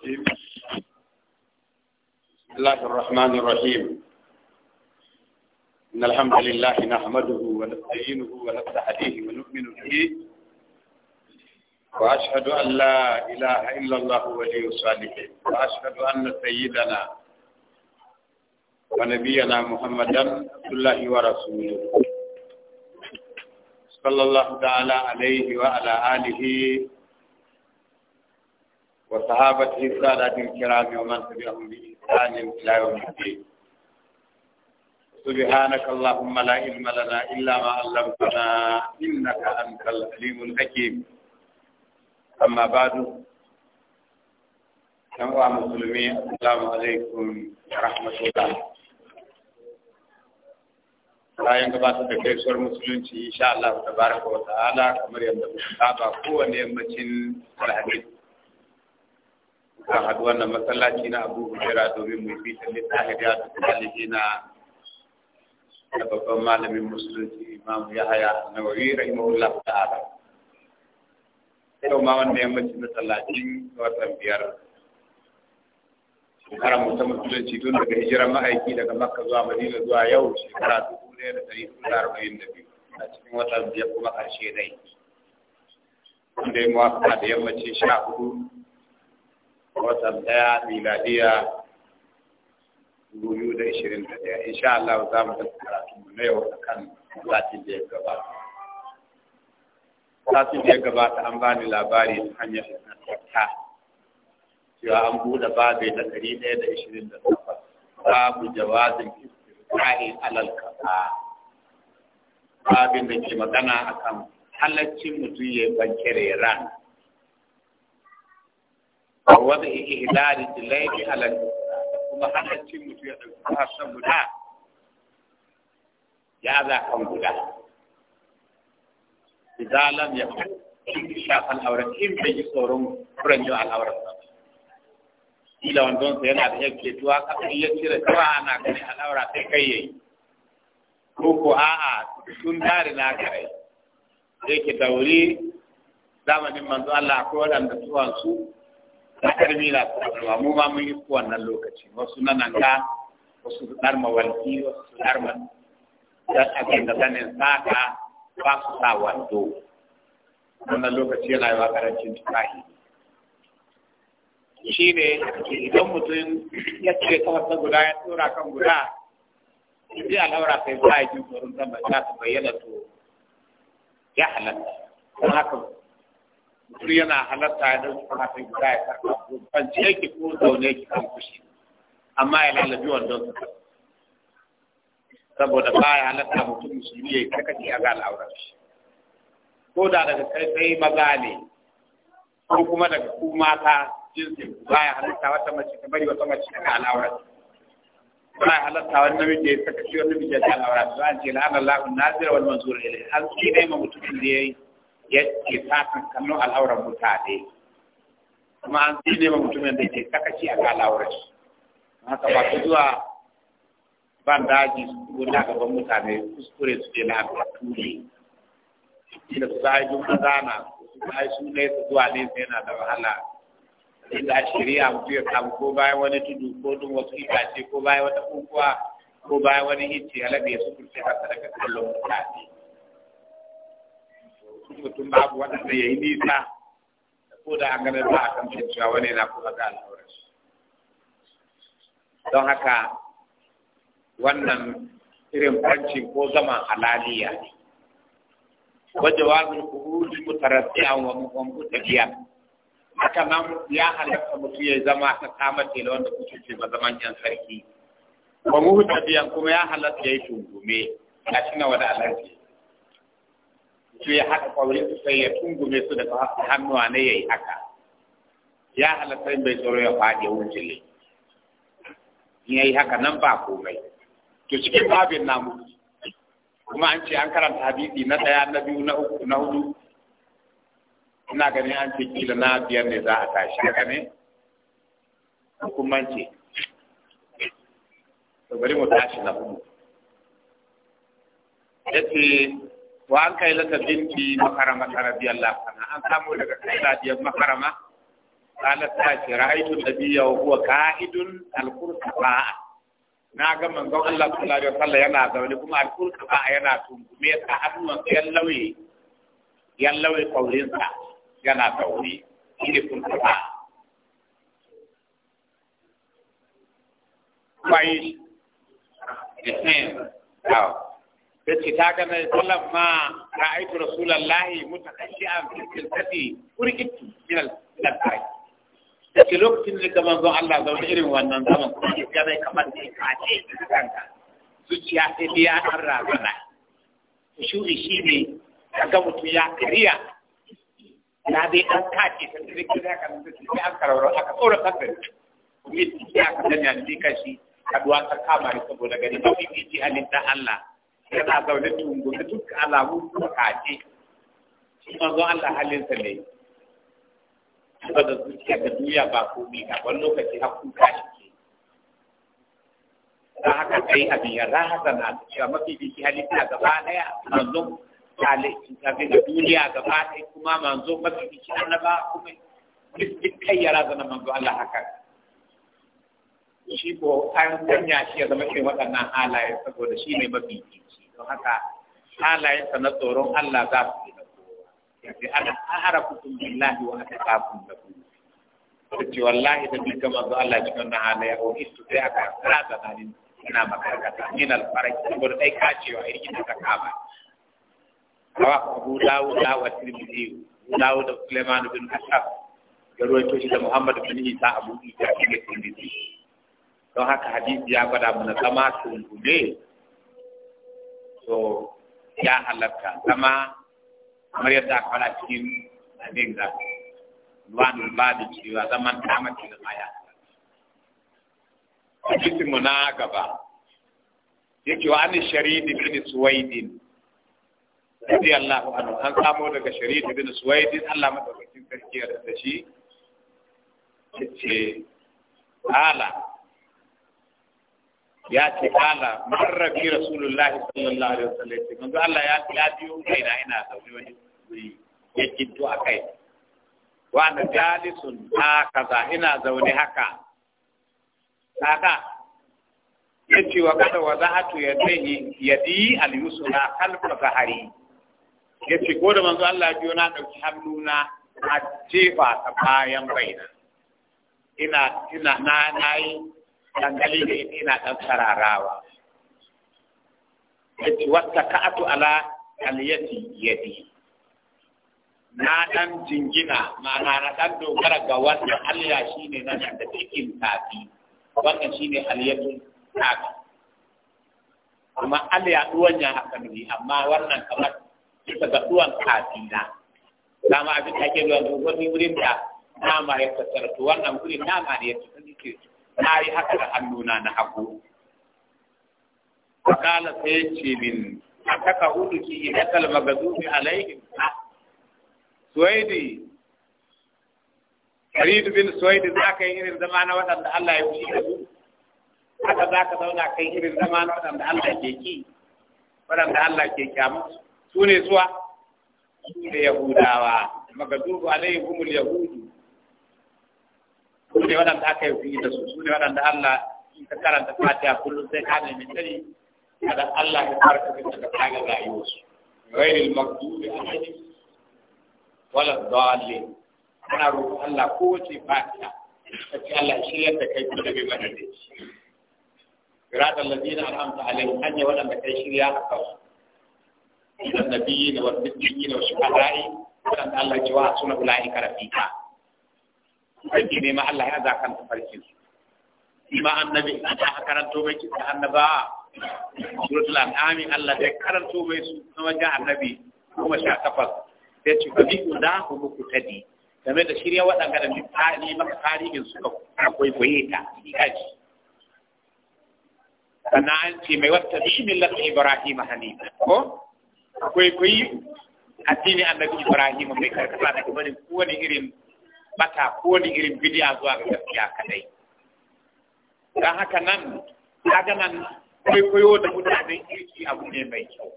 الرجيم بسم الله الرحمن الرحيم إن الحمد لله نحمده ونستعينه ونستهديه ونؤمن به وأشهد أن لا إله إلا الله ولي الصالحين وأشهد أن سيدنا ونبينا محمدا عبد الله ورسوله صلى الله تعالى عليه وعلى آله وصحابته السادات الكرام ومن تبعهم بإحسان إلى يوم الدين سبحانك اللهم لا علم لنا إلا ما علمتنا إنك أنت العليم الحكيم أما بعد جمع مسلمين السلام عليكم ورحمة الله bayan gabatar da gaisuwar musulunci insha Allah tabaraka wa ta'ala kamar yadda muka saba kowane yammacin alhamis a haɗu wannan masallaci na abu hujjara domin mu fi tallin ɗahiriya da talibi na da babban malamin musulunci imam ya haya na wari rahimahullah ta'ala yau ma wanda yammaci na talatin watan biyar shekara mutum musulunci tun daga hijirar ma'aiki daga makka zuwa madina zuwa yau shekara dubu ɗaya da ɗari da arba'in da biyu a cikin watan biyar kuma ƙarshe dai wanda ya mawaka da yammaci sha hudu watan ɗaya miladiya dubu biyu da ishirin da ɗaya insha Allah za mu tafi karatu mu na yau akan satin da ya gaba satin da ya ta an bani labari ta hanyar na tsakka cewa an buɗe babe da ɗari ɗaya da ishirin da takwas babu jawazin istirƙa'in alal kafa babin da ke magana akan halaccin mutum ya bankere ran wanda yake hilari da laifi halal kuma halaccin mutum ya ɗauki harsan guda ya za guda idan lam ya fi shafan auren in bai yi tsoron furen yau al'auren ba kila wandonsa yana da yake tuwa kafin ya cire tuwa ana gani al'aura sai kai yayi ko ko a'a sun na kai sai ke dauri zamanin manzo Allah akwai waɗanda tuwansu na karmi na kuma mu ma mun yi wannan lokaci wasu na nan ka wasu su dar mawalki wasu su dar man dan abin da sanin saka ba su sa wando wannan lokaci yana yawa karancin tufahi shi ne idan mutum ya ce kawarsa guda ya tsora kan guda in ji laura sai ba a yi jin tsoron zama ta su bayyana to ya halatta don haka mutum yana halatta ya ɗauki farafin gida ya karɓa ko ce yake ko zaune yake kan kushi amma ya lalabi wannan saboda ba ya halatta mutum musulmi ya yi kakaci a ga al'aurar shi ko da daga kai sai maza ne ko kuma daga ku mata jinsi ba ya halatta wata mace ta bari wata mace ta al'aurar ba ya halatta wani namiji ya sakaci wani namiji ya ta al'aurar ba an ce la'anar la'un nazira wani manzuri an tsine ma mutumin da ya yi ya ke fatan kallon al'auran mutane kuma an zai nema mutumin da ke sakaci a al'auran shi haka ba su zuwa ban daji su guda gaban mutane kuskure su ne lafiya tuli inda su za a yi jumla zana su za a yi su ne su zuwa ne sai na da wahala inda a shirya mutu ya samu ko bayan wani tudu ko dun wasu itace ko bayan wata kunkuwa ko bayan wani hicci alabe su kurce hasa daga kallon mutane in mutum ku waɗanda ya yi nisa ko da an gane za a kamshin cewa wani na kuma ga al'aurar don haka wannan irin kwancin ko zama halaliya ne wajawazin kuhuji wani wa mutabiya haka nan ya halatta mutum ya zama ta kama tela wanda kuke ce ba zaman yan sarki wa mutabiya kuma ya halatta ya yi tungume a cikin wani alarji sai ya haɗa su sai ya tungume su daga hannuwa na ya yi haka ya halatta bai tsoro ya faɗi ya wuce ne in ya yi haka nan ba komai to cikin babin namu kuma an ce an karanta hadisi na ɗaya na biyu na uku na hudu ina ganin an ce kila na biyar ne za a tashi haka ne hukumance. to bari mu tashi na hudu yace wa an kai laka binti makarama radiyallahu kana an samu daga sadiyar makarama ala ta ce ra'aytu nabiyya wa huwa qa'idun al quran na ga manzo Allah sallallahu alaihi wasallam yana zaune kuma al quran yana tungume ta hannun yallawi yallawi kaurinsa yana zaune shine kursafa bai ehem yace ta ga nan sallan ma ra'aytu rasulullahi mutakashi'an fi tilkati urqitu min al-qarai yace lokacin da ga manzon Allah zaune irin wannan zaman kuma ya bai kamar ne ka ce kanka zuciya sai dai ya dan razana shuri shi ne ga mutum ya kariya na dai dan kace ta da kira kan da shi an kararo aka tsora kanka yi ya ka danya ne kashi kaduwa ta kama saboda gani ba fi fi halitta Allah yana zaune da duk alamu bukace shi manzon Allah halinsa ne ba da zuciya da duniya ba komai ga wani lokaci har kuka shi ke da haka kai abin ya rahata na cewa mafi biki halitta gaba daya manzon halittu ta da duniya gaba ɗaya kuma manzon mafi biki annaba kuma duk kai ya razana manzon Allah haka shi ko an sanya shi ya zama irin waɗannan halaye saboda shi ne mafi don haka halayensa na tsoron Allah za su yi na kowa yanzu ana ahara kutum billahi wa aka kafin da ku ta ce wallahi da duka manzo Allah cikin na halaya wa istu sai aka rasa zanin ina makarkata min alfaraki saboda ɗai kacewa irin da ta kama kawa abu dawuda wa tirmidhi dawuda suleiman bin asaf da ruwaito shi da Muhammad bin Isa Abu Isa ne Tirmidhi don haka hadisi ya gwada mana zama tungune to ya halatta kama kamar yadda aka fara cikin abin da ba da cewa zaman mace da maya hadisin mu na gaba yake wa an sharid bin suwaidin radiyallahu anhu an samo daga sharid bin suwaidin Allah madaukakin sarki da shi ce, ala ya ce ala marrafi rasulullahi sallallahu alaihi wasallam ce manzo Allah ya ya biyo kai na ina zaune wani guri ya a akai wa na jalisun kaza. ina zaune haka haka yace wa kada wa zahatu ya yadi al-yusra khalfa zahari yace ko da manzo Allah biyo na dauki hannuna a jefa ta bayan bayan ina ina na yi. dangane da ita ina ɗan sararawa yace wata ka'atu ala aliyati yadi na ɗan jingina ma'ana na ɗan dogara ga wannan Allah shine na da cikin tafi wannan shine Aliyatun tafi amma Allah ya duwan ya haka ne amma wannan kamar bisa ga duwan tafi na dama abin da ke duwan wani wurin da nama ya kasarta wannan wurin nama ne ya kasarta na yi haka da hannuna na hagu fakala sai ce min a taka hudu ki yi hakal magazubi ta. suwaidi Farid bin Suwaidi, za ka yi irin zama na waɗanda Allah ya fushi da su haka za ka zauna kai irin zama na waɗanda Allah ke ki waɗanda Allah ke kyamu su ne suwa su ne Yahudawa alaihi kuma yahudu su ne waɗanda aka yi fiye da su su ne waɗanda Allah ta karanta fatiha kullum sai ka nemi tsari kada Allah ya farka da daga kaga rayuwarsu ghairil maghdubi alaihim wala dhalin ana roƙo Allah ko kowace fatiha sai Allah shiryar da kai kuma bai mana da shi radar ladina alhamta alaihim hanya waɗanda kai shirya a kansu idan nabiyyi da wasu dukkan yi da wasu ƙarari waɗanda Allah ya ce wa suna karafi ka. ne ma Allah ya za kan farki su ima annabi da aka karanto mai kisa annaba suratul al'amin Allah zai karanto mai su na wajen annabi kuma sha tafas sai ce fa bi da ku muku tadi game da shirya waɗanda da misali maka tarihin suka akwai koye ta kaji sannan an ce mai wata bi millat Ibrahim hanifa ko akwai koyi addini annabi Ibrahim mai karkata da kuma kowane irin bata ko ni irin bidiya zuwa ga gaskiya kadai dan haka nan kaga nan kwaikwayo da mutanen kirki abu ne mai kyau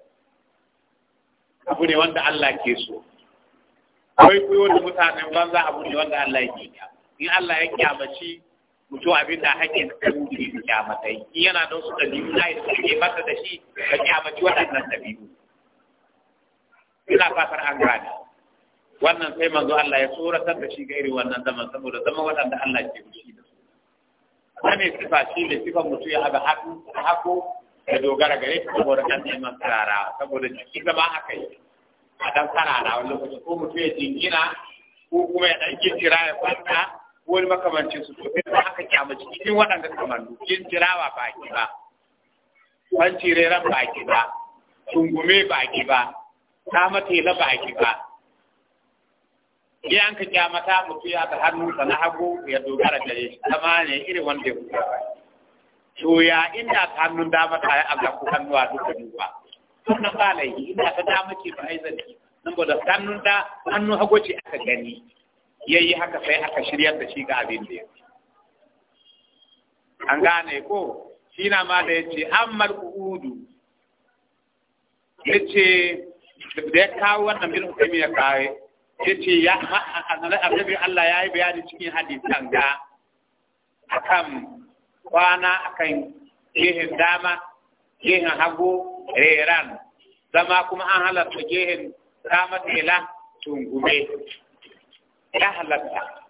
abu ne wanda Allah ke so kwaikwayo da mutanen banza abu ne wanda Allah ke kya in Allah ya kyamaci mutu abin da hakkin da mutu ya kyamata in yana da wasu dabi'u na yi suke masa da shi ka kyamaci waɗannan dabi'u ina fatar an gane wannan sai manzo Allah ya tsoratar da shi ga irin wannan zaman saboda zama waɗanda Allah ke fushi da su wani sifa shi ne sifa mutum ya haɗa hako da dogara gare shi saboda kan neman sarara saboda jiki zama haka yi a dan sarara wani lokaci ko mutum ya jingina ko kuma ya ɗan kintira ya kwanta ko wani makamancin su to sai haka kyamaci cikin waɗanda kamannu kintirawa baki ba kwancireren baki ba tungume baki ba ta matela baki ba in an ka kyamata mutu ya ta hannunsa na hagu ya dogara da shi zama ne irin wanda ya huta to ya inda ta hannun dama ta yi Allah ko hannuwa duka Tun na ba laifi inda ta dama ce ba aizan ki saboda hannun da hannun hagu ce aka gani ya yi haka sai aka shirya da shi ga abin da ya an gane ko shi na ma da ya ce ammar kudu ya ce da ya kawo wannan bin hukumi ya kawai. yace ya annabi Allah ya yi bayani cikin hadisan ga akan kwana akan gehen dama gehen hagu reran zama kuma an halatta gehen dama tela tungume ya halatta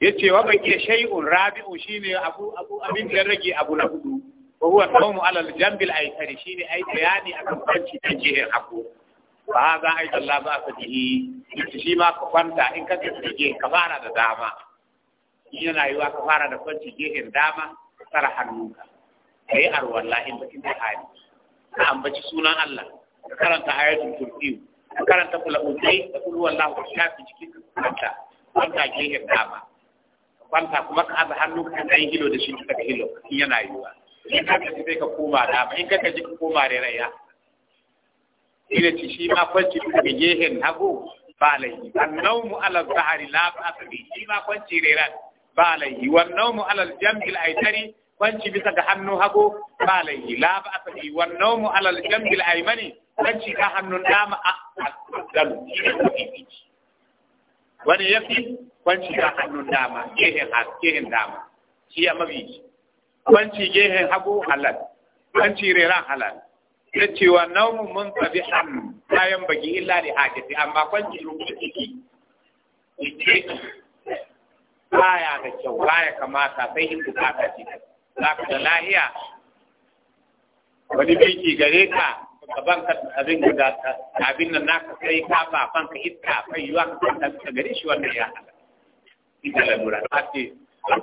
yace wa baki shay'un rabi'u shine abu abu abin da rage abu na hudu wa huwa tawmu ala al-jambil shine ai bayani akan kwanci ta gehen hagu ba za a yi talla ba a jihi shi ma ka kwanta in ka tsirge ka fara da dama yana yiwa ka fara da kwanci gehen dama ka tsara hannunka ka yi arwallah in bakin da hali ka ambaci sunan Allah ka karanta ayatul kursiyu ka karanta kula utai da kulu wallahu ka shafi jikin ka kwanta kwanta gehen dama ka kwanta kuma ka aza hannunka ka yi hilo da shi ka hilo in yana yiwa in ka ka sai ka koma dama in ka ka ji ka koma rairaya ina ci shi ma kwanci gehen hagu ba ala zahari la ba shi ma kwanci reran ba ala aitari kwanci bisa ga hannu hagu ba la ba ala aimani kwanci hannun dama a dalu wani yafi kwanci hannun dama gehen gehen dama shi ya mabi kwanci gehen hagu halal kwanci reran halal ya ce wa naumu mun tsabi an bayan baki illa da hajjati amma kwanci rubuta ciki ce baya da kyau baya kamata sai in bukata ce za ka da lahiya wani biki gare ka gaban ka abin da abin nan naka sai ka ba fanka iska kai yuwa ka ta gare shi wannan ya haka ita lalura ta ce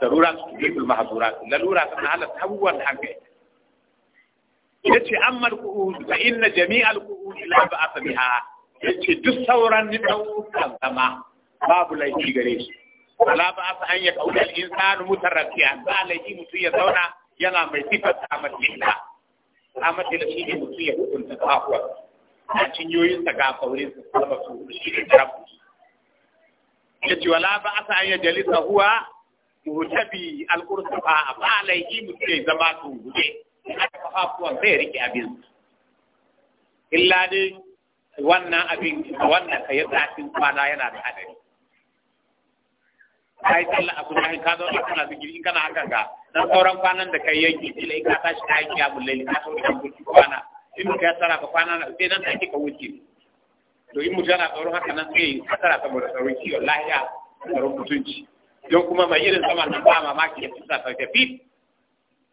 lalura su tuɓe kulma hazura lalura ta halatta abubuwan da yace amma al-qu'ud fa inna jami' al-qu'ud la ba'sa biha yace duk sauran nau'ukan zama babu laifi gare shi wala ba sa an ya kauli al-insanu mutarabbiyan ba laifi mutum ya zauna yana mai sifar amatilla amatilla shi ne mutum ya hukunta kafuwa a ta ga kaurin su kuma su shi ne tarabu yace wala ba sa an ya jalisa huwa muhtabi al a ba laifi mutum ya zama su guje in aka fa afuwan zai rike abin illa dai wannan abin wannan ka yi tsafin kwana yana da hadari ka yi tsalla a sunahin ka zo kana zikiri in kana haka ga dan sauran kwanan da kai yanki kila in ka tashi ka yi kiyamun laili ka so idan kuci kwana in ka tsara ka kwana na sai nan take ka wuce to in mutum yana tsoron haka nan sai ka tsara saboda tsaron kiwon lahiya tsaron mutunci don kuma mai irin sama na ba mamaki ya fi sa sauke fit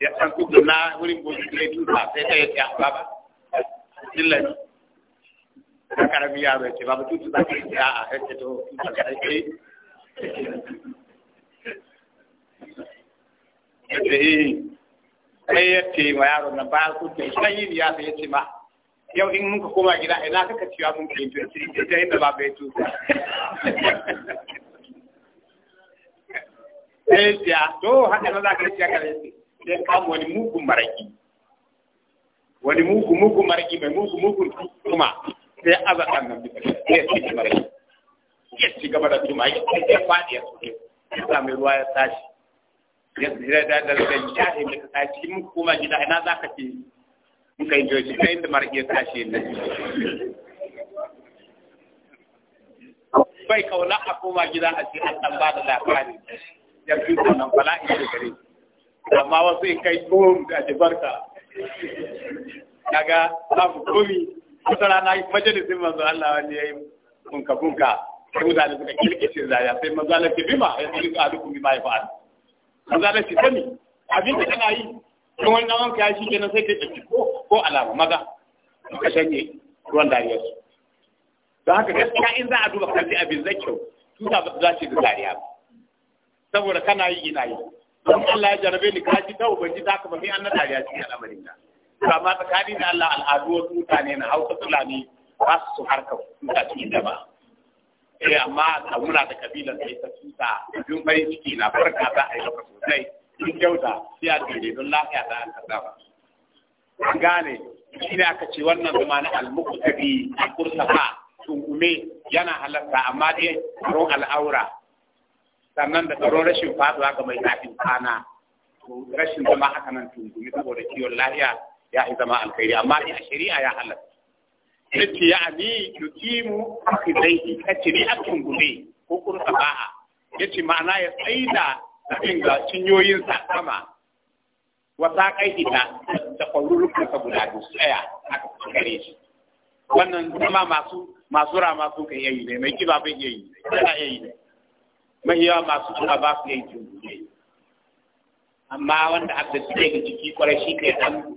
ya san kudu na wurin gobe ne tuta sai ta yi ta baba dillani ta karami yaro ya ce baba tutu eh, za ka yi ta a yake to tuta ka yi yadda ya ce ma yaro na ba ku ta ma yau in muka koma gida ina kaka cewa mun kai to ce ta inda baba ya tuta sai ya ce to haka na za ka sai kama wani mugun maraki wani mugun mugun maraki mai mugun mugun tuma sai aza kan nan bisa sai ci maraki ya ci gaba da tuma ya sai faɗi ya soke ya sami ruwa ya tashi ya tsira da da da ya yi da tashi mun kuma gida ina za ka ce muka yi joji kai da maraki ya tashi ne bai kauna a koma gida a ce an san ba da labari ya fi wannan bala'i da gare shi amma wasu in kai tsohon da ji barka za ku komi wata rana majalisin manzo Allah wani yayi bunka bunka sai mutane suka kirkice zaya sai manzo Allah ce bima ya tsiri a duk bima ya fa'al manzo Allah ce kani abin da kana yi don wani nawan ka shi kenan sai ka tafi ko ko alama maza ka shanye ruwan dariya su don haka gaskiya in za a duba kalli abin zai kyau tuta za shi da dariya saboda kana yi ina yi don Allah ya jarabe ni ka ji ta ubangi ta kuma sai an na dariya cikin al'amarin ta to amma tsakanin da Allah al'adu wasu mutane na Hausa Fulani ba su su harka tuta cikin daba eh amma a muna da kabilan sai ta tuta dun farin ciki na farka ta a yi maka sosai in kyauta sai a dire don lafiya ta al'azaba an gane shine aka ce wannan zama na al-muqtabi al-kursafa yana halatta amma dai ron al'aura sannan da tsaron rashin faduwa ga mai zafin kana rashin zama haka nan tunzumi saboda kiwon lahiya ya yi zama alkhairi amma ni a shari'a ya halatta yace ya zai yi kacce ne shari'a tungumi ko kursa ba'a ce ma'ana ya da abin ga kama. sama wata kai da da guda biyu tsaya aka kare shi wannan zama masu masu rama sun kai yayi ne mai kiba bai yayi ne yana yayi mai yawa masu Allah ba su yi jumbe amma wanda aka tsaye ga ciki kwarai shi ne dan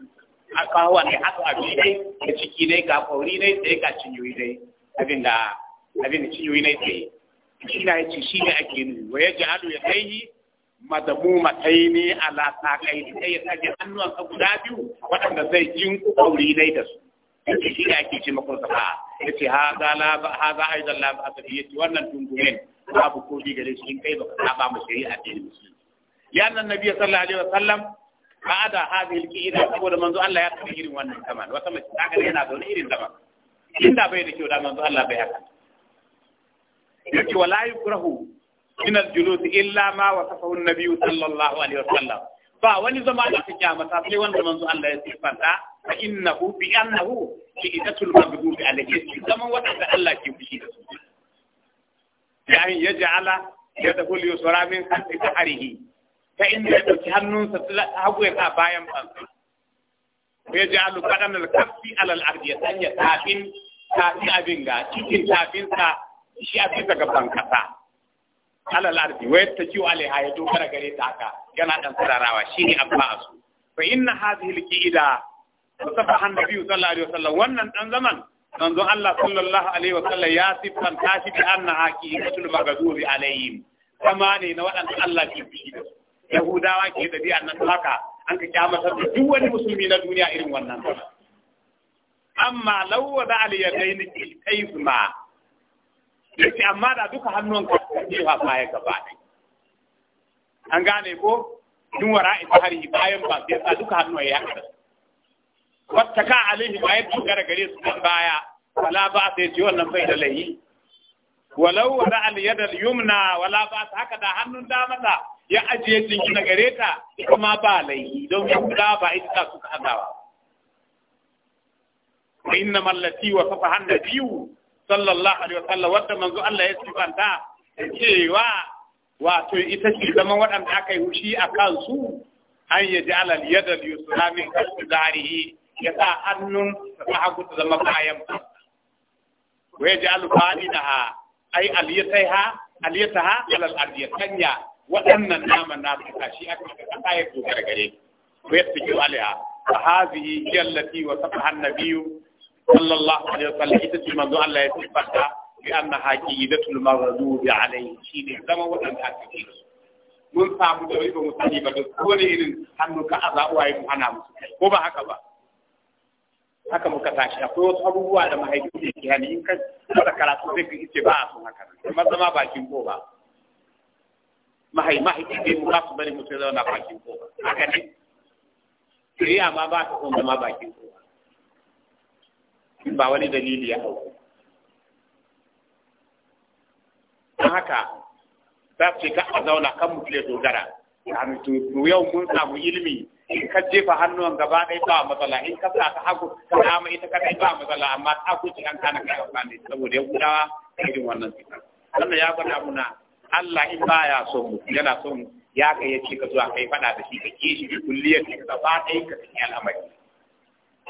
aka ne aka abu dai da ciki dai ga ne, dai ya ga cinyoyi ne. abin da abin da cinyoyi dai yi shi na yace shi ne ake nufi wa yaj'alu yadayhi a ala da sai ya sake hannuwan ka guda biyu waɗanda zai jinku kwauri ne da su shi ne ake ce makon safa ce ha ga la ha ga aidan la ba a tafiye wannan dungumen babu ko bi gare in kai mu shari'a da musulmi ya annan nabi sallallahu alaihi wasallam ba'da saboda manzo Allah ya irin wannan zaman wata mace ta ga yana irin zaman inda bai da kyau da manzo Allah bai haka yake wala yukrahu min illa ma wasafahu an-nabi sallallahu alaihi wasallam ba wani zama da kake mata sai wanda manzo Allah ya sifanta fa innahu bi annahu idatul zaman wanda Allah ke fushi da su yayin ya ja'ala ya dahu yusra min ta harihi. ta inda ya ɗauki hannunsa hagu ya sa bayan bansa ya ja'alu badan al-kaffi alal al-ardi ya sanya tafin tafin abin ga cikin tafin sa shi a bisa gaban kasa Alal al-ardi wa yattakiu alaiha ya dogara gare ta haka yana dan sararawa shine abba su fa inna hadhihi al-qida sabahan nabiyyu sallallahu alaihi wasallam wannan dan zaman manzon Allah sallallahu alaihi wa sallam ya siffanta shi bi annaha qiyatul maghdubi alaihim kama ne na waɗanda Allah ke fushi da yahudawa ke da bi'an nan haka an ka kyamata da duk wani musulmi na duniya irin wannan amma law wada al yadayn kayfma yace amma da duka hannun ka ne ha baya gaba ne an gane ko dun wara ita hari bayan ba sai duka hannun ya kada wattaka alaihi ma ya dogara gare su nan baya wala ba sai ji wannan bai da layi walau wada al yadal yumna wala ba haka da hannun dama da ya ajiye jingina gare ta kuma ba layi don ya kula ba ita suka hadawa wa inna mallati wa safaha biyu? sallallahu alaihi wa sallam. wanda manzo Allah ya sifanta cewa wato ita ce zaman waɗanda aka yi hushi a kansu an yaji alal yadal yusra min kalbi zarihi ya sa hannun ta hagu ta zama bayan wa ya ji alfani na ha ai aliyatai ha aliyata ha sanya waɗannan nama na su kashi a cikin kasa ya dogara gare ko ya tsiki alaiha fa hazihi hiya allati wa safaha an-nabiyyu sallallahu alaihi wasallam ita ce manzo Allah ya sifata bi anna haqidatul maghdubi alaihi shine zama waɗanda aka ci mun samu da wani ba mu sani ba da kowane irin hannu ka aza uwaye mu hana musu ko ba haka ba haka muka tashi akwai wasu abubuwa da mahaifi ne ke hani in ka da karatu zai ka ice ba a sun haka kuma zama bakin ko ba mahai mahaifi bai mu ba su bane mutum zauna bakin ko ba haka ne ya eh, ma ba ta kuma zama bakin ko ba ba wani dalili ya hau don haka za su ce ka a zauna kan mutum ya dogara mu yau mun samu ilimi in ka jefa hannuwan gaba ɗaya ba matsala in ka sa ta hagu ka dama ita kadai ba matsala amma ta hagu ci an kana kai amfani saboda ya gudawa irin wannan cikin wannan ya gwada muna Allah in ba ya so yana son ya kai ya ce ka zuwa kai faɗa da shi ka ke shi da kulliyar ka gaba ɗaya ka kai al'amari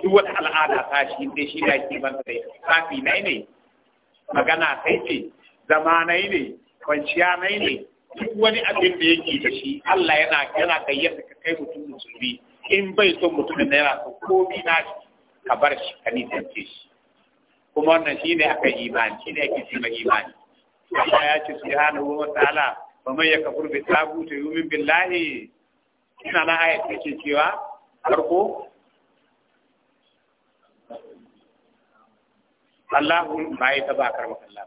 duk wata al'ada ta shi in dai shi da ke ban da kafi nai ne magana sai ce zamanai ne kwanciya nai ne duk wani abin da yake da shi Allah yana yana gayyata ka kai mutum mutum bi in bai son mutumin da yana so komi na shi ka bar shi ka nisance shi kuma wannan shi ne aka imani shi ne ake ce ma imani amma ya ce su hana wa ta'ala ba mai ya kafur bi tabu ta yi min billahi ina na haya ta ce cewa farko Allah ba ya ta ba karɓar Allah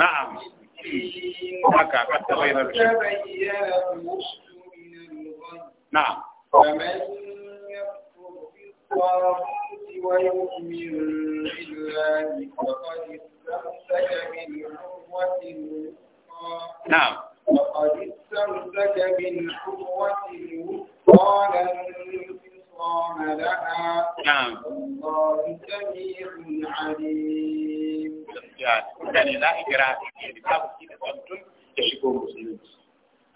na'am haka ka ta bayyana نعم فمن يكفر بالطاغوت ويؤمن بالله فقد استمسك بالعروة نعم فقد استمسك بالعروة الوثقى لا انفصام لها نعم والله سميع عليم يعني لا إكراه في الكتاب كده تمتم يشكو مسلمين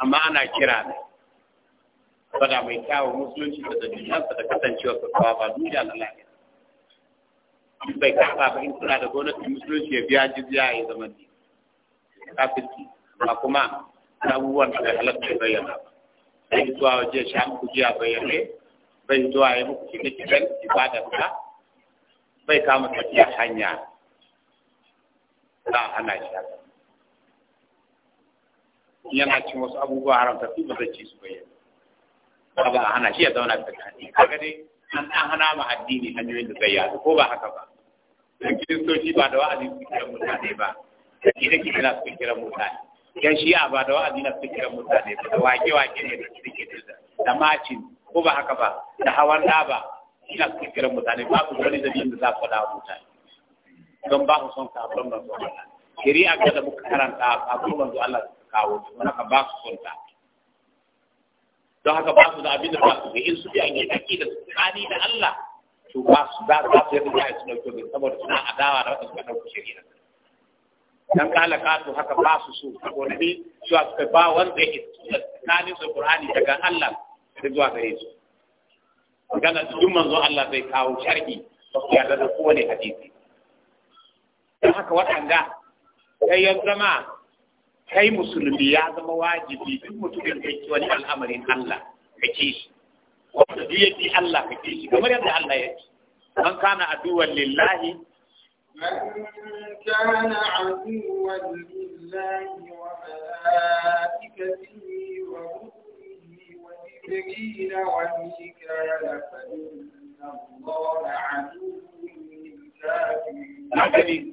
أما أنا كراه fada mai kyawu musulunci da zabilansa da kasancewa kasawa ba duniya na lafiya in bai kasa ba in suna da gwamnatin musulunci ya biya jizya ya zama ne kafirci ba kuma abubuwan da bai halatta ya bayyana ba sai zuwa waje sha muku jiya bayyane bai zuwa ya muku kike kiran ibada ba bai kama tafiya hanya za a hana shi yana cin wasu abubuwa haramta su ba zai ci su bayyana ba a hana shi ya zauna da tsakani kaga dai an an hana ma addini hanyoyin da zai yadu ko ba haka ba dan kiristoci ba da wa'azi su kira mutane ba da kida na su kira mutane yan shi'a ba da wa'azi na su kira mutane ba da wake wake ne da kida kida da macin ko ba haka ba da hawan daba ina su kira mutane ba ku wani dalilin da za ku da mutane don ba ku son sabon da Allah shari'a da muka karanta a sabon manzo Allah kawo su wani ka ba su son ta don haka ba su da abin da ba su ga in su biyan an yi kaki da tsakani da Allah to ba su ba su yadda ya su dauke da saboda suna adawa da wata suka dauki shari'a dan kala kato haka ba su so saboda ne su suka ba wanda yake tsakanin su Qur'ani daga Allah da zuwa gare su magana da duk manzo Allah zai kawo sharhi ba su yarda da kowane hadisi dan haka waɗanda kai ya zama kai musulmi ya zama wajibi duk mutumin da yake wani al'amarin Allah ka ci shi wanda duk yake Allah ka ci shi kamar yadda Allah ya ci man kana aduwan lillahi man kana aduwan lillahi wa malaikatihi wa rusulihi wa jibril wa mikael fa inna Allah aduwwun lil kafirin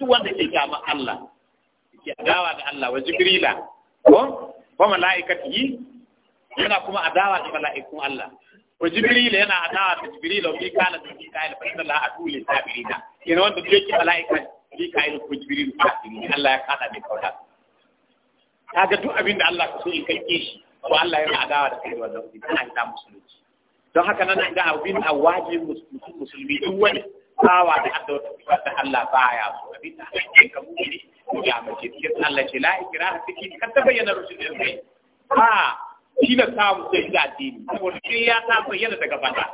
duk wanda ke gama Allah ke adawa da Allah wa jibrila ko ko malaikati yana kuma adawa da mala'ikun Allah wa jibrila yana adawa da jibrila bi kana da mikail fa inna la atuli sabirina ina wanda duk yake malaika mikail ko jibril sabirina Allah ya kada da kauda kaga duk abin da Allah ka so in kai shi ko Allah yana adawa da kai wannan kana da musulunci don haka nan da abin a wajibin musulmi duk wani tsawa da haɗa wata fi da Allah baya so abin da ake ka muni ko ya mace cikin Allah ce la ikira ka din ka ta bayyana da kai ha shi da samu sai da addini saboda shi ya ta bayyana daga bata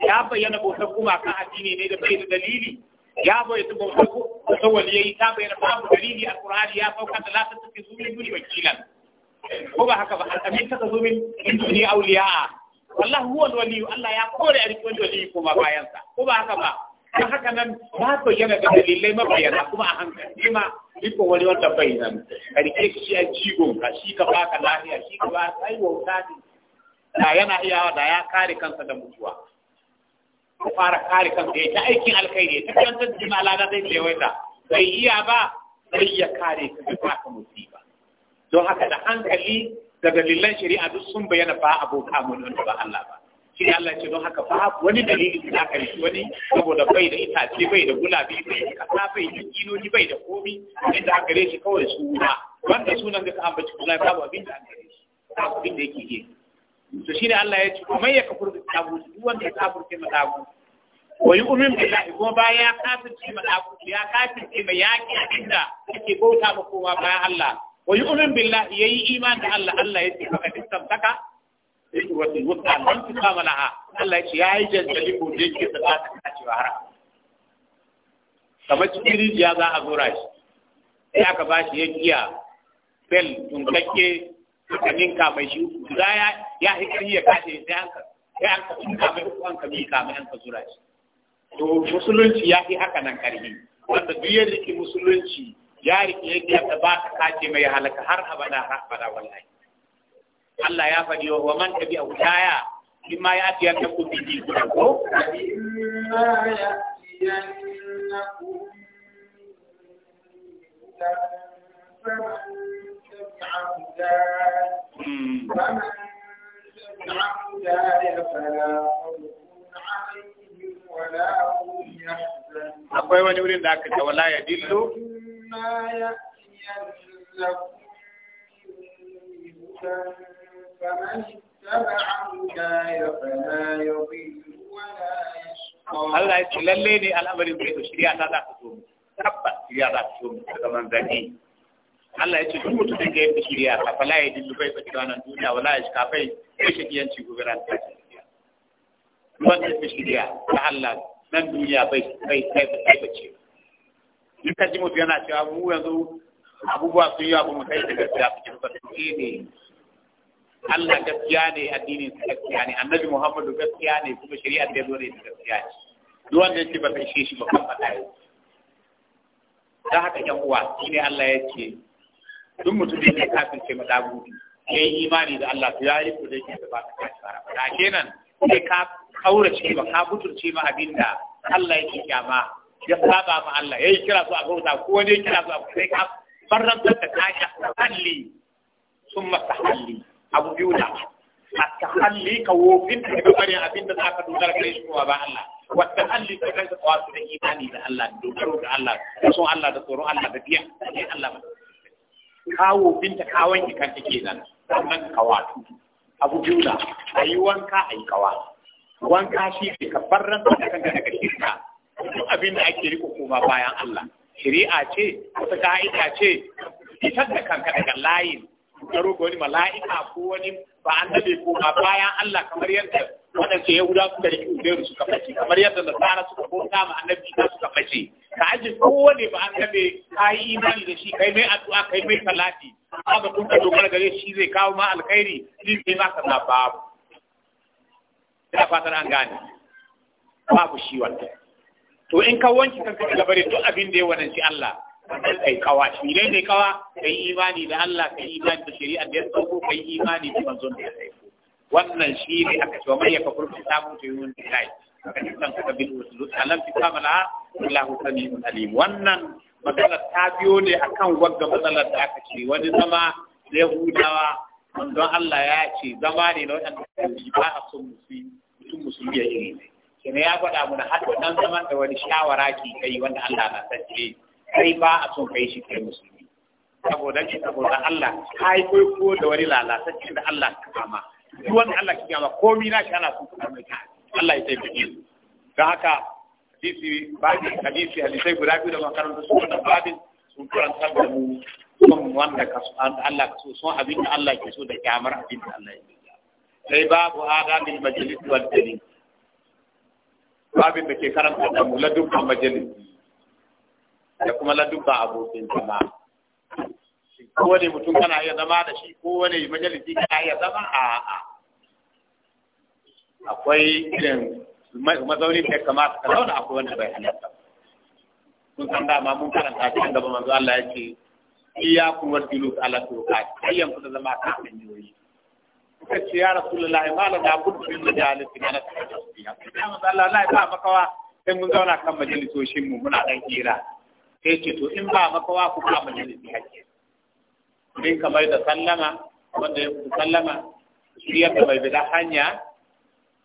ya bayyana bautar kuma ka addini ne da bai da dalili ya da bautar kuma waliyayi ta bayyana babu dalili alqur'ani ya fauka da ta take zuwa duni wakilan ko ba haka ba abin ta zo min ni auliya Allah huwa waliyu Allah ya kore a rikon waliyu kuma bayansa ko ba haka ba ta haka nan ba ku yana da dalilai mabayana kuma a hankali ma riko wani wanda bai nan karke shi a jigon ka shi ka baka lafiya shi ka ba sai wauta ne da yana iya da ya kare kansa da mutuwa ku fara kare kansa ya ta aikin alkhairi ta kanta da jima alada zai tsawaita bai iya ba zai iya kare ka da baka musiba don haka da hankali da dalilan shari'a duk sun bayyana ba abota mu ne ba Allah ba shi Allah ce don haka fa wani dalili da aka yi wani saboda bai da itace bai da gulabi bai da kasa bai da kiloli bai da komi inda aka gare shi kawai suna wanda sunan da ka ambaci kuma babu abin da aka gare shi babu abin da yake yi to shi ne Allah ya ce kuma ya kafur da tabu duk wanda ya kafur ke madabu wa yu'min billahi kuma bayan ya kafirce madabu ya kafirce mai yaki inda yake bauta ba kowa bayan Allah wa yu'min billahi yi iman da Allah Allah ya ce ka faqad samtaka? yake wasu wuta don su kama ha, Allah ce ya yi jantalin ko da yake tsaka ta kace ba har kamar cikin rijiya za a zora shi sai aka ba shi ya giya bel tunkakke ka ninka mai shi uku za ya ya hikari ya kace sai an ka sai an ka tunka mai uku an ka bi ka an ka zura shi to musulunci ya fi haka nan karhi wanda duk ya riki musulunci ya riki ya giya ba ta kace mai halaka har abada har abada wallahi Allah ya faɗi wa wa man tabi autaya in ma ya ati yanka ko bibi ko ko Akwai wani wurin da aka ce wala ya dillu? Na ya iya Allah ya ce lalle ne al'amarin bai da shirya ta za ta zo mu tabbas shirya za ta zo mu daga manzanni Allah ya ce duk mutumin da yadda shirya ta fala ya dillu bai fi ranar duniya wala ya shika bai ya shi yanci gobe ran ta shirya wanda ya fi shirya ta Allah nan duniya bai bai bai bai bace yi ka mutu yana cewa mu yanzu abubuwa sun yi abu mu kai da gaskiya cikin fasiri ne Allah gaskiya ne addinin sa gaskiya ne annabi Muhammadu gaskiya ne kuma shari'a da zo ne gaskiya ne duk wanda yake ba ta ishe shi ba kan fada yau da haka yan uwa shine Allah ya ce duk mutum da ya kafirce madagu ya yi imani da Allah ya yi ku da yake da ba ta kashi ba da kenan sai ka kaurace ba ka buturce ma abinda Allah yake kyama ya saba ma Allah yayi kira su a bauta ko wani kira su a sai ka farrantar da kashi halli summa halli abu biyu da a ta halli ka wofin da ga bari abin da zaka dogara kai shi kuma ba Allah wa ta halli ka kai ka wasu da imani da Allah da dogaro da Allah da son Allah da tsoron Allah da biya ka wofin ka wanke kan take nan amman abu biyu da ayi wanka ayi kawa wanka shi ne ka bar ran ka kan ka daga shirka duk abin da ake riko kuma bayan Allah shari'a ce wata ka'ida ce fitar kanka daga layin ka ga wani mala'ika ko wani ba annabi ko a bayan Allah kamar yadda waɗanda Yahuda suka yi Uzairu suka mace kamar yadda Nasara suka bauta ma annabi ta suka mace ka aji kowane ba annabi ka yi imani da shi kai mai addu'a kai mai salati amma ga kun ka dogara gare shi zai kawo ma alkhairi shi zai ma babu ina fatan an gane babu shi to in ka wanki kanka daga bare duk abin da ya wadanci Allah sannan kai kawa shi ne kai kawa kai imani da Allah kai imani da shari'a da ya sauko kai imani da manzon da ya sauko wannan shi ne aka ce mai yaka kurfi samun ta yiwuwan da kai aka ce san kaka bin wasu alam fi kamala Allahu sami'un alim wannan matsalar ta biyo ne akan wagga matsalar da aka ce wani zama da Yahudawa manzon Allah ya ce zama ne na waɗanda ba a son mutum musulmi ya yi ne. Kene ya faɗa mana har wannan zaman da wani shawara ke kai wanda Allah na sace kai ba a son kai shi kai musulmi saboda shi saboda Allah kai ko ko da wani cikin da Allah ka kama duk wanda Allah ka kama komai na shi ana son ka mai Allah ya taimake shi don haka hadisi babi hadisi hadisai guda biyu da makarantar su wannan babin sun karanta da mu son wanda ka so Allah ka so son abin da Allah ke so da kyamar abin da Allah ya ke sai babu adamin majalis wal dalil babin da ke karanta da mu ladun majalisi da kuma ladubba abokin jama'a kowane mutum kana iya zama da shi kowane majalisi kana iya zama a a akwai irin mazaunin da kamata ka zauna akwai wanda bai halatta Mun san dama mun karanta cikin gaba manzo Allah ya ce kun wal julus ala turqat ayyan kun zama ka hanyoyi kuka ce ya rasulullahi ma la da buddu min majalisi kana ta ya kuma Allah la ba makawa sai mun zauna kan majalisocinmu muna ɗan kira sai ce to in ba makawa ku ba mu jalisi hakki sai kamar da sallama wanda ya sallama shi ya kamar da hanya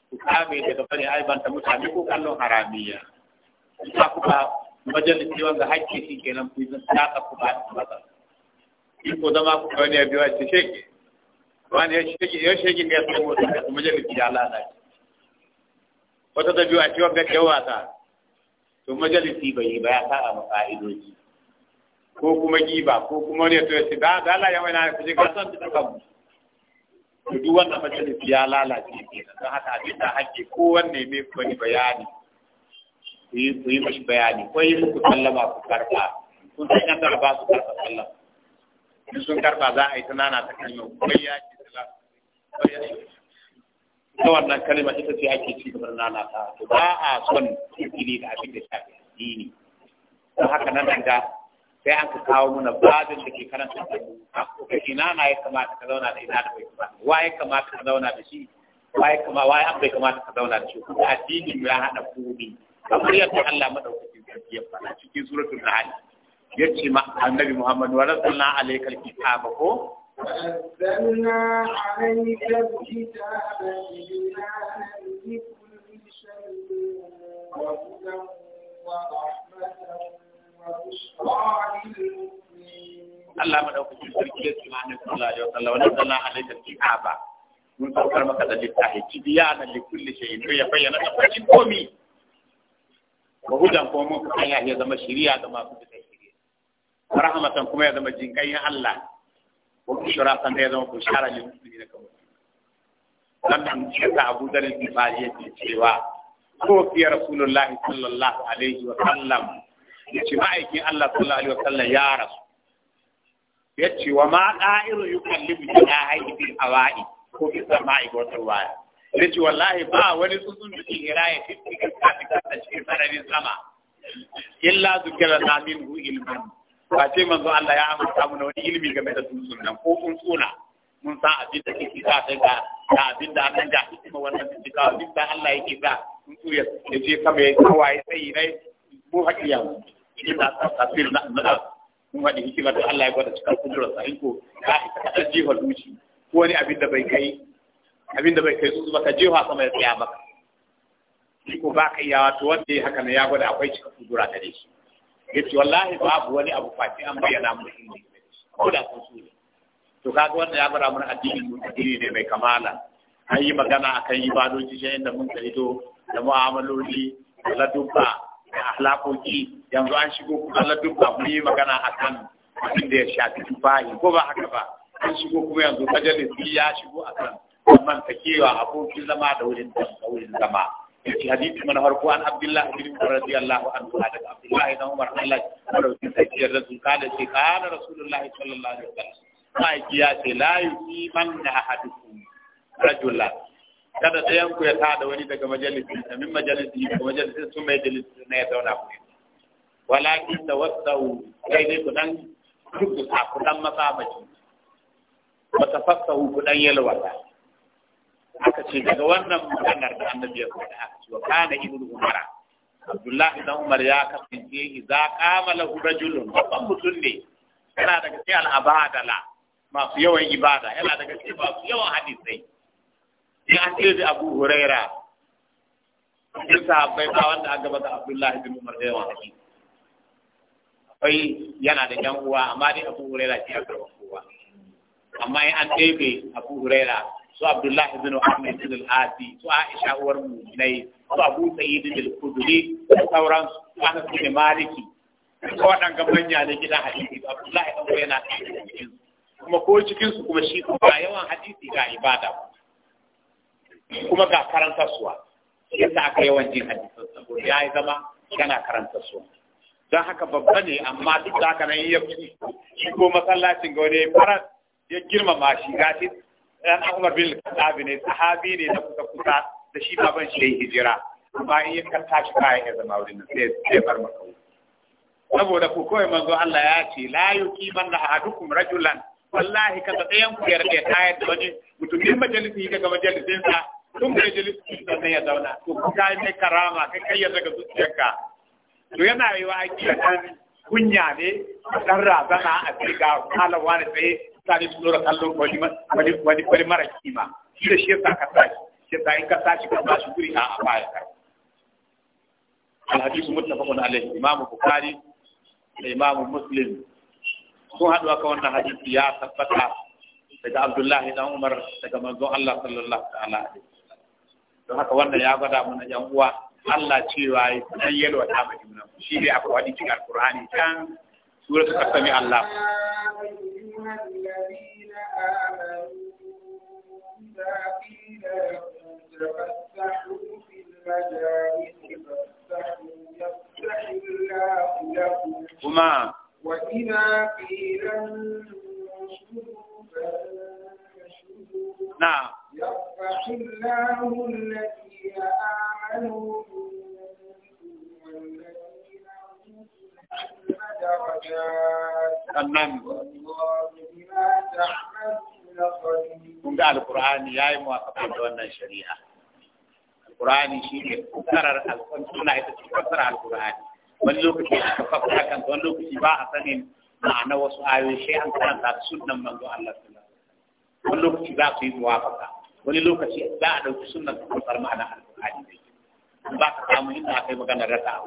ku kame daga bane banta mutane ko kallon haramiya ta kuka majalisi wanda hakki shi kenan ku zan saka ku ba ku In ko zama ku ne ya biya ce shege wani ya shege ya shege ne ya samu majalisi ya lalace wata da biyu a ciwon gaggawata to majalisi bai yi ba ya sa ma ka'idoji ko kuma giba ko kuma ne to ya ce da Allah ya wani kuje ka san da kan to duk wannan majalisi ya lalace kenan don haka abin da hakki ko wanne mai wani bayani ku yi ku yi mashi bayani ko yi muku sallama ku karba kun san yan ba su karba sallama in sun karba za a yi tunana ta kalmar kuma ya ce sallama ta wannan kalma ita ce ake ci gaba da lalata to ba a son ilimi da abin da shafi addini don haka nan da sai an ka kawo mana babin da ke karanta da mu ka ina na ya kamata ka zauna da ina da bai kamata wa ya kamata ka zauna da shi wa ya kamata, wa ya bai kamata ka zauna da shi ko addini ya hada komai kamar yadda Allah madaukakin sarki ya faɗa cikin suratul nahl yace ma annabi Muhammad wa alaihi wa sallam ko وأنزلنا عليك الكتاب بيانا لكل شيء وهدى ورحمة وبشرى للمؤمنين. الله ما لو كنت تركيز مع النبي صلى الله عليه وسلم ونزلنا عليك الكتاب mun saukar maka da littafi kibiyanan na kulli shay'in to ya bayyana da cikin komi Ba hujan ko mun kan ya zama shiriya ga masu bisa shiriya rahmatan kuma ya zama jinkayin Allah wa bushra san da ya zama bushara ne musulmi na kawai sannan shi ta abu da rikin ya yake cewa ko fiye rasulullahi sallallahu alaihi wa sallam ya ce ma'aikin Allah sallallahu alaihi wa sallam ya rasu ya ce wa ma ɗa'iru yi kallibu jina haifin hawa'i ko fi sama'i ga wata waya ya ce wallahi ba wani tsuntsun da ke hira ya fifi ga kafin kasa cikin sararin sama illa zukira na min hu ilmin ba ce manzo Allah ya amsa mu na wani ilimi game da tsuntsun nan ko suna mun sa abin da kike sa sai ga da abin da Allah ya hikima wannan bincika abin da Allah yake sa tsuntsu ya je kama ya kawaye sai ne mu hakiya mu ina tafsir na na mun wadi hikima da Allah ya gwada cikin kudurar sa ko ka ka jiha duci ko wani abin da bai kai abin da bai kai su baka jiha sama ya tsaya maka ko ba kai yawa to wanda ya haka ne ya gwada akwai cika kudura da shi yace wallahi babu wani abu face an bayyana mu shi ne ko da sun su to kaga wannan ya bara mana addini mu addini ne mai kamala an yi magana akan ibadoji shi inda mun to da mu'amaloli da ladubba da akhlaqoji yanzu an shigo kuma ladubba mun yi magana akan abin da ya shafi tufahi ko ba haka ba an shigo kuma yanzu majalisi ya shigo akan man takewa abokin zama da wurin zama في حديث من farko an abdullahi bin umar radiyallahu anhu daga abdullahi dan umar Allah ya dauki sakiyar da sun kada ce kana rasulullahi sallallahu alaihi wasallam sai kiya kada ɗayan yanku ya tada wani daga majalisi da min majalisi da majalisi sun mai jalisi na ya zauna ku walakin da wasau ku dan ku dan ba ta fassahu ku yalwata aka ce daga wannan maganar da annabi ya faɗa aka ce wa kana ibn umara abdullahi dan umar ya kasance idza qama lahu rajulun babban mutum ne yana daga cikin al'abadala masu yawan ibada yana daga cikin masu yawan hadisai in an ce da abu huraira cikin sahabbai ba wanda aka gaba da abdullahi bin umar da yawan hadisi akwai yana da yan uwa amma dai abu huraira ce a gaban kowa amma in an ɗebe abu huraira su Abdullah ibn Ahmad ibn al-Asi su Aisha uwar mu'minai su Abu Sa'id al-Khudri da sauran su ana su ne maliki ko waɗanga manya ne gidan hadisi Abdullah ibn yana cikin kuma ko cikin su kuma shi ba yawan hadisi ga ibada kuma ga karanta suwa yasa aka yawan jin hadisan saboda ya zama yana karanta suwa don haka babba ne amma duk da haka nan ya fi shi ko masallacin ga wani faras ya girmama shi gashi ɗan Umar bin Khattab ne sahabi ne na kusa kusa da shi ban shi hijira amma in ya tashi kayan ya zama wurin sai sai bar maka saboda ku kawai manzo Allah ya ce la yuqiman la ahadukum rajulan wallahi kaza ɗayan ku yarda ta yadda wani mutumin majalisi daga majalisin sa tun da majalisi sannan ya zauna to ku kai mai karama kai kai yarda ga zuciyarka to yana yi wa aiki dan kunya ne dan razana a cikin ga halawa ne tsaye mutane su dora kallon wani wani wani mara kima shi da shi yasa ka tashi da imamu muslim sun hadisi ya tabbata daga abdullahi dan umar daga manzon allah sallallahu alaihi don haka wannan ya gwada mana yan uwa Allah cewa ya dan yalwa ta mu shi ne aka wadi cikin alqur'ani suratul Allah إذا قيل لكم تفسحوا في المجالس فافسحوا يفسح الله لكم وما وإذا قيل انشروا فانشروا نعم يفرح الله الذين آمنوا منكم والذين أوتوا العلم درجات النمل da alkur'ani ya yi da wannan shari'a alkur'ani shi ne ita ce alkur'ani wani lokaci wani lokaci ba a sanin ma'ana wasu ayoyi sai an karanta manzo Allah wani lokaci za su yi wani lokaci za a ɗauki sunnan ta fassara ma'ana alkur'ani ne ba ka samu inda aka yi maganar a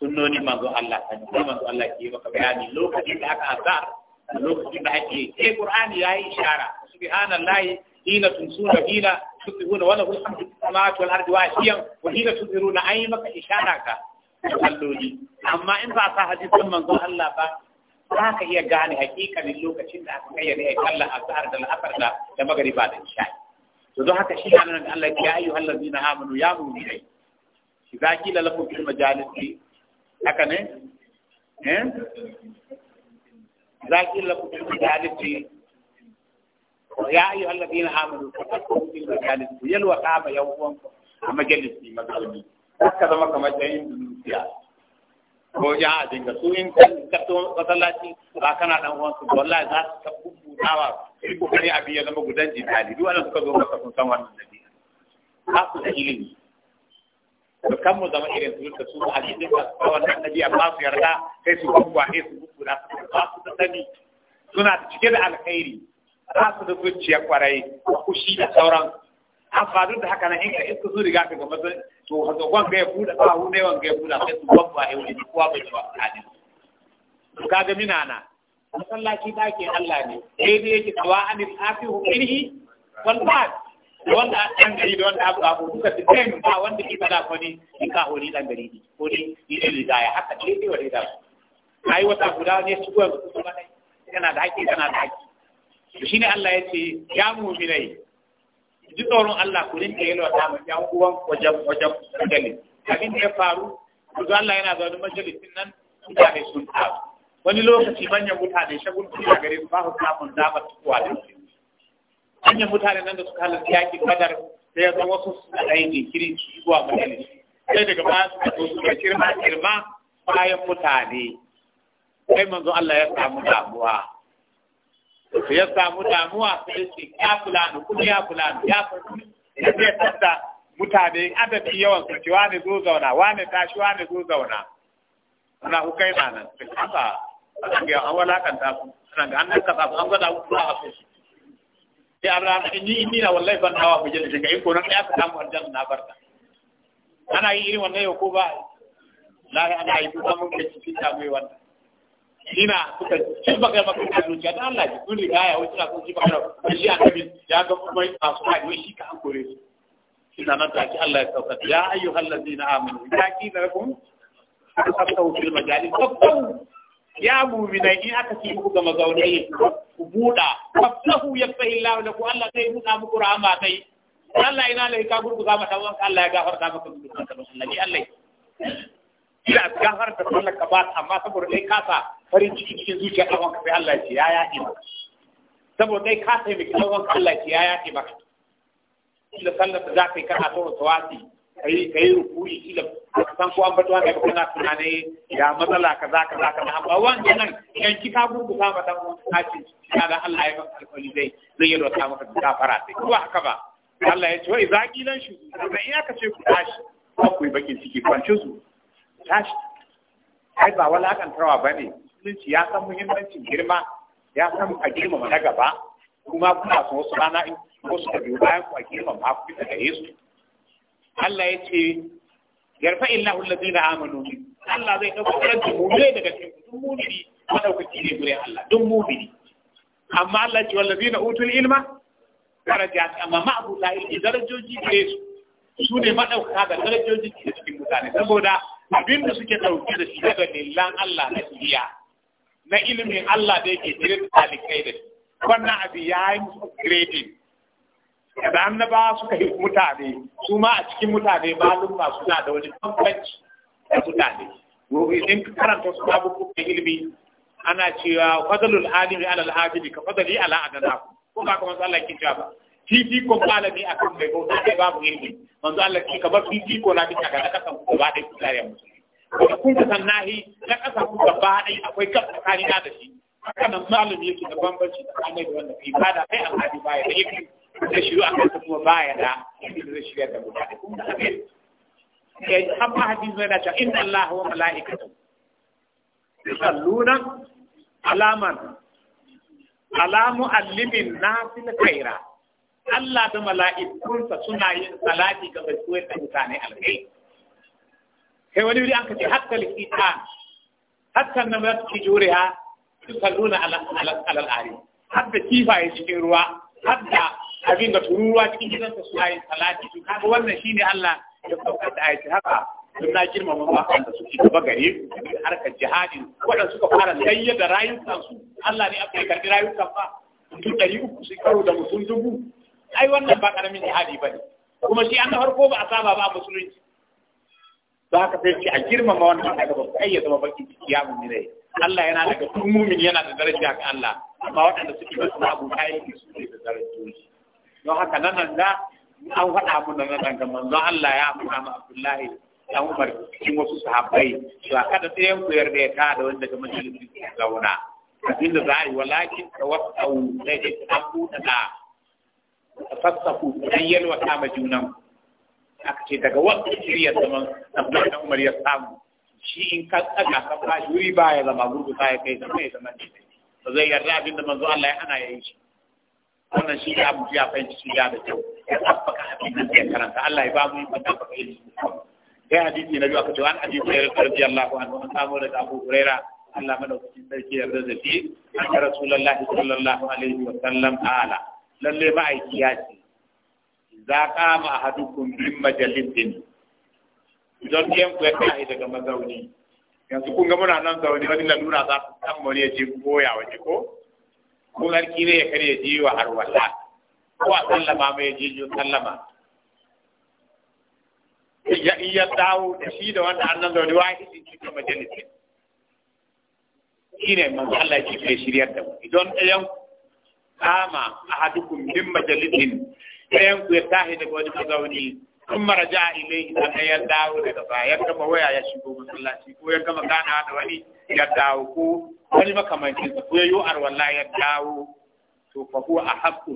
sunnoni manzo Allah manzo Allah ke maka bayani lokacin da aka azar lokacin da ake ke eh, qur'ani yayi ishara subhanallahi hina tumsuna hina tusbihuna wa lahu alhamdu fis samawati wal ardi wa ashiyan wa hina tudhiruna ayi maka ishara ka salloli amma in ba sa hadisin manzo Allah ba za ka iya gane hakikanin lokacin da aka kayyade ya kalla azhar da al'asar da da magriba da isha to don haka shi nan da Allah ya ayyuhal ladina amanu ya mu'minai idza qila lakum fil majalisi haka ne eh إذا قيل لكم في المجالس يا أيها الذين آمنوا تفكروا في المجالس يلوى قام يوم مجلس في مغربي هكذا ما كما جايين بالنسيا ko ya dinga su in kan kato masallaci ba kana dan uwan su wallahi za su ta kubutawa sai ko kare abin ya zama gudan jitali duk wannan suka zo maka kun san wannan nabi ha su da ilimi to kan mu zama irin su da su hadisin da wannan nabi amma su yarda sai su kubwa sai su kubuta su ba tsami suna cike da alkhairi za su da zuciya kwarai da kushi da sauran amma duk da haka na in ka iska su riga ka gaba to hazo wan ga ya buɗe ba hu ne wanga ya buɗe sai su ba ya wuce kowa bai ba hadin to ga mina na masallaci ke Allah ne sai dai yake tawa anil afihu irhi wal ba'd wanda an gari da wanda abu abu duka su kai ba wanda ke fada kwani in ka hori dan gari ne hori ne idan riga ya haka dai dai wa riga ai wata guda ne su goyon su ba ne kana da haƙi kana da haƙi shine Allah ya ce ya mu'minai ji tsoron Allah ku rinka yi ta mu yan uwan wajen wajen gani abin da ya faru yanzu Allah yana zaune majalisin nan mutane sun ta wani lokaci manyan mutane shagun tuya gare su ba su samun damar tukuwa da su manyan mutane nan da suka halarci yakin badar sai ya zama wasu suna ɗaya jinkiri zuwa majalis sai daga ba su zo girma girma bayan mutane sai manzo Allah ya samu damuwa to ya samu damuwa sai ce ya fulani kuma ya fulani ya fulani ya ce tanda mutane adadin yawan su ci wani zo zauna wani tashi wani zo zauna ana hukai na nan sai haka an ga an walakanta su ana ga an nan kasa an gwada ku a su sai an rana ni ni na wallahi ban dawa ku jin daga in ko nan ya ka samu aljanna na barka ana yi irin wannan yau ko ba lahi ana yi duk ke cikin ta mai wannan ina suka ci baka maka da zuciya dan Allah ki kun riga ya wuce kun ci baka da shi annabi ya ga kuma masu hadi shi ka an kore su ina nan da ki Allah ya sauka ya ayyuhal ladina amanu ya ki da rakum tasawwu fil majalis tasawwu ya mu'mina in aka ci ku ga mazaunai ku buda fasahu yafahi Allah lakum Allah sai buda muku rahama sai Allah ina lai ka gurgu ga mata Allah ya gafarta maka dukkan Allah Allah kila gafar da sallar ka ba amma saboda dai ka sa farin ciki cikin zuciya dan wanka sai Allah ya ya yaƙi maka saboda dai ka sai miki dan wanka Allah ya yaƙi maka Inda sallar da zaka yi kana so tawasi kai kai rukuri kila san ko an bato haka ko kana tunane ya matsala ka kaza kaza na. amma wannan nan idan ki ka gurgu ka ba dan wanka ci da Allah ya maka alƙali zai zai yi ta maka gafara sai ko haka ba Allah ya ce wai zaki lan shi sai in aka ce ku tashi ku yi bakin ciki kwancin su tashi ai ba walakantarwa ba ne musulunci ya san muhimmancin girma ya san a girmama na gaba kuma kuna son wasu rana in wasu da biyu bayan kuma a girmama ku daga yesu Allah ya ce yarfa illahu na amanu Allah zai ɗauka karanci mu'mini daga cikin duk mu'mini madaukaki ne gure Allah duk mu'mini amma Allah ce na utul ilma darajat amma ma'budu la ilaha darajoji gare su su ne madaukaka da darajoji cikin mutane saboda abin da suke ɗauke da shi daga nillan Allah na siya. na ilimin Allah da yake jirin talikai da shi wannan abu ya yi musu upgrading da annaba suka yi mutane su ma a cikin mutane ba suna da wani bambanci da mutane in ka karanta su abubuwan ilimi ana cewa fadalul alimi ala al'abidi ka fadali ala adana ko ba ka masu ba ni akum a kan mai bauta bu ngi man do Allah ba fifi ko na bisa ka ka ko ba de kusuriyar mu ko kun ka san nahi na kasan ku gaba ɗaya akwai kan tsakani na da shi haka nan malami yake da bambanci tsakanin da wanda kai bada kai amma ba baya da yake da shiru a kan kuma baya da yake da shirya da mutane kun ka san kai amma hadisi da cewa inna Allah wa malaikatu yusalluna alaman ala mu'allimin nasil khaira Allah da mala'ikunsa suna yin salati ga mai koyar da mutane alkai Sai wani wuri an kace hatta likita hatta na ba ki juriya salluna ala ala al'ari hatta kifaye cikin ruwa hatta abin da tururuwa cikin gidan su suna yin salati to kaga wannan shine Allah ya saukar da aiki haka don na girmama bakan da suke gaba gare harkar jihadin waɗanda suka fara tsayyar da rayukansu Allah ne aka yi karɓi rayukan ba mutum ɗari uku su karo da mutum dubu ai wannan ba karamin jihadi ba ne kuma shi an farko ba a saba ba a musulunci ba ka sai ce a girmama wannan haka ba kai ya zama baki ciki ya mun ne Allah yana daga duk mumin yana da daraja ga Allah amma waɗanda suke ba su abu kai su ne da darajoji don haka nan nan da an faɗa mun nan nan ga manzon Allah ya faɗa mu Abdullahi dan Umar cikin wasu sahabbai to kada sai ku yarda ya kada wanda daga majalisin zauna abinda za a yi walakin tawassau sai an da tafassahu dan yalwata ma junan aka ce daga wannan shirya zaman abdullahi dan umar ya samu shi in ka tsaga ka ba shi wuri ba ya zama gurgu ta ya kai zama ya zama ne ba zai yarda abin da manzo Allah ya ana ya yi shi wannan shi ya abu ya fahimci shi ya da kyau ya tsabbaka abin da zai karanta Allah ya ba mu yi fata baka ilimi sai hadisi na biyu aka ce an abi hurairah radiyallahu anhu an samu da abu hurairah Allah madaukakin sarki yarda da shi an ga rasulullahi sallallahu alaihi wa sallam ala lalle ba ai kiyasi za kama ahadukum min din idan ɗayan ku ya kai daga mazauni yanzu kun ga muna nan zaune wani lalura za ta san wani ya ko ya waje ko ko sarki ne ya karya ji wa wala ko a sallama mai ya ji ji sallama ya iya dawo da shi da wanda annan zauni wa hidin cikin majalisin shine manzo Allah ya ce shiryar da mu idan ɗayan ku kama ahadukum min majalisin ɗayan ku ya tahi daga wani mazauni sun maraja ilai sannan ya dawo daga baya ya kama waya ya shigo masallaci ko ya kama gana da wani ya dawo ko wani makamancin ko ya yi arwala ya dawo to fa huwa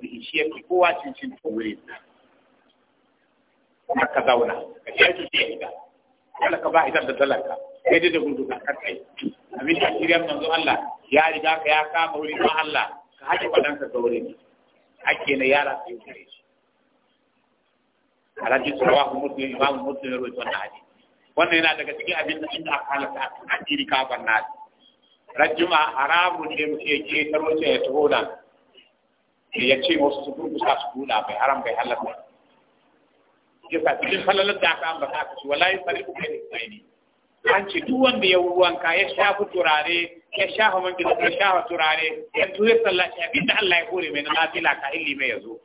bi shi yafi ka zauna ka ce ki ce kala ka ba ita da talaka sai dai da gudu ka kai abin da manzo Allah ya riga ka ya kama wurin Allah ka haƙi faɗanka ga wurin ake na yara su yi gare shi mutu turawa muslim mutu muslim ruwa wannan haji wannan yana daga cikin abin da inda aka halatta a jiri kafan na haji rajima haramun ne mu ke ce ta roce ya taho nan ya ce wasu su durkusa su kula bai haram bai halatta sa cikin falalar da aka ambata ka ci wallahi sarifu kai ne kai ne an ci duk wanda ya wanka ya shafa turare ya shafa man gida ya shafa turare ya tura sallaci abin da Allah ya hore mai na nafila ka illi mai yazo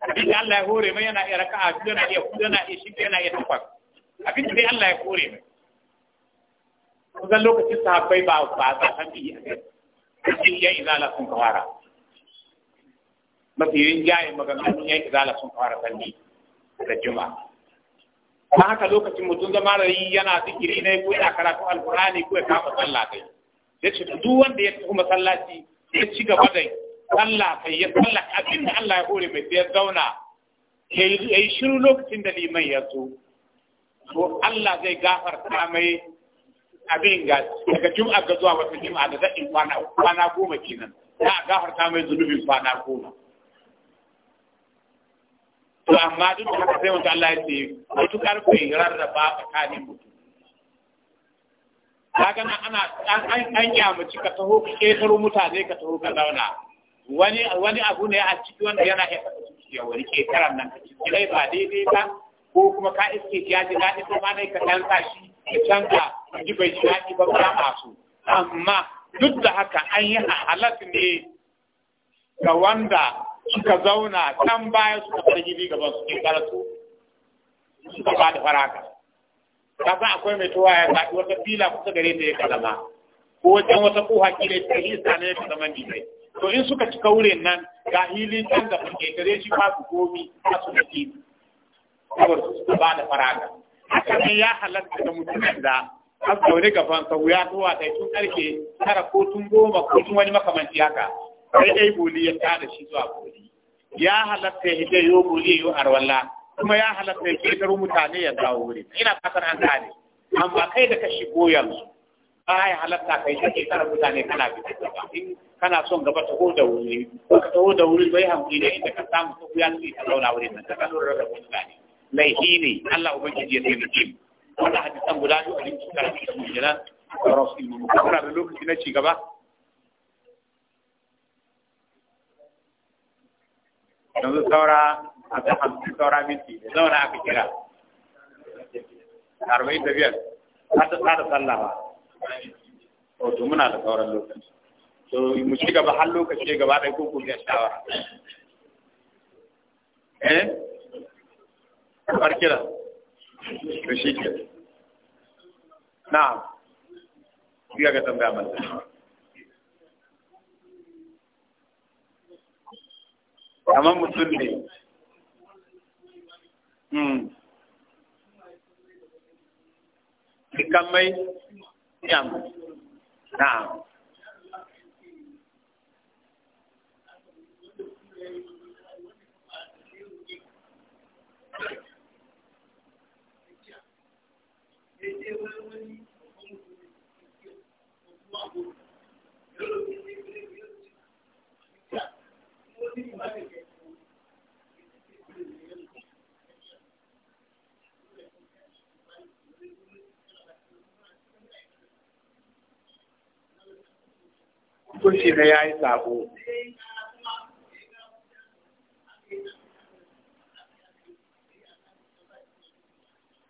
abin da Allah ya hore mai yana iya raka'a biyu na iya kudu yana iya shida yana iya takwas abin da Allah ya hore mai kusan lokacin sahabbai ba ba a san bi a kai ya la sun kawara mafirin jaye maganganun ya izala sun kawara sanni da juma'a ta haka lokacin mutum zama da yi yana zikiri ne ko yana karatu alkurani ko ya kafa sallah kai ya ce duk wanda ya tafi masallaci ya ci gaba da sallah kai ya sallah abin da Allah ya hore mai sai zauna ya yi shiru lokacin da liman ya zo to Allah zai gafarta mai abin ga daga jum'a ga zuwa wata jum'a da zai kwana kwana goma kenan za a gafarta mai zunubin kwana goma to amma duk da haka sai wanda Allah ya ce wato bai rarraba tsakanin mutum kaga na ana an an mu cika taho ke taro mutane ka taho ka zauna wani wani abu ne a ciki wanda yana iya cikin ciki ya wani karan nan dai ba daidai ba ko kuma ka iske ya ji daɗi ma dai ka ɗan sa shi ka canza ji bai ji daɗi ba ba su. amma duk da haka an yi halatta ne ga wanda suka zauna can baya suka fargi bi gaban su kara su suka ba da faraka ka san akwai mai tuwa ya zaɓi wata fila kusa gare ta ya kalama ko wajen wata koha kila ta yi isa ne ya kalama ni mai to in suka cika wurin nan ga hili can da fuke gare shi ba su komi ba su da kini su suka ba da faraka haka ne ya halatta da mutumin da an zaune gaban sa wuya towa ta tun karfe tara ko tun goma ko tun wani makamanci haka sai dai boli ya da shi zuwa boli ya halatta ya hije yo boli yo arwalla kuma ya halatta ya ketaro mutane ya dawo wuri ina fatan an gane amma kai da ka shigo yanzu ba ya halatta kai ta ketara mutane kana fita ba kana son gaba ta ho da wuri ko ka taho da wuri bai hankali da inda ka samu ko ya ci ka zauna wurin nan ka lura da mutane laifi ne Allah ubangiji ya taimake mu wannan hadisan guda biyu a cikin karatu da mu kenan da rasul mu kuma da lokaci na ci gaba yanzu saura abin hamsin saura minti da zauna aka kira arba'in da biyar har ta tsara sallah ba to muna da sauran lokaci to mu ci gaba har lokaci gaba ɗaya kuku kuma shawara eh kamar kira to shi ke na biya ga tambaya mallaka kamar mutum ne Cikin hmm. mai yam na Thank you. kushi na ya yi sabo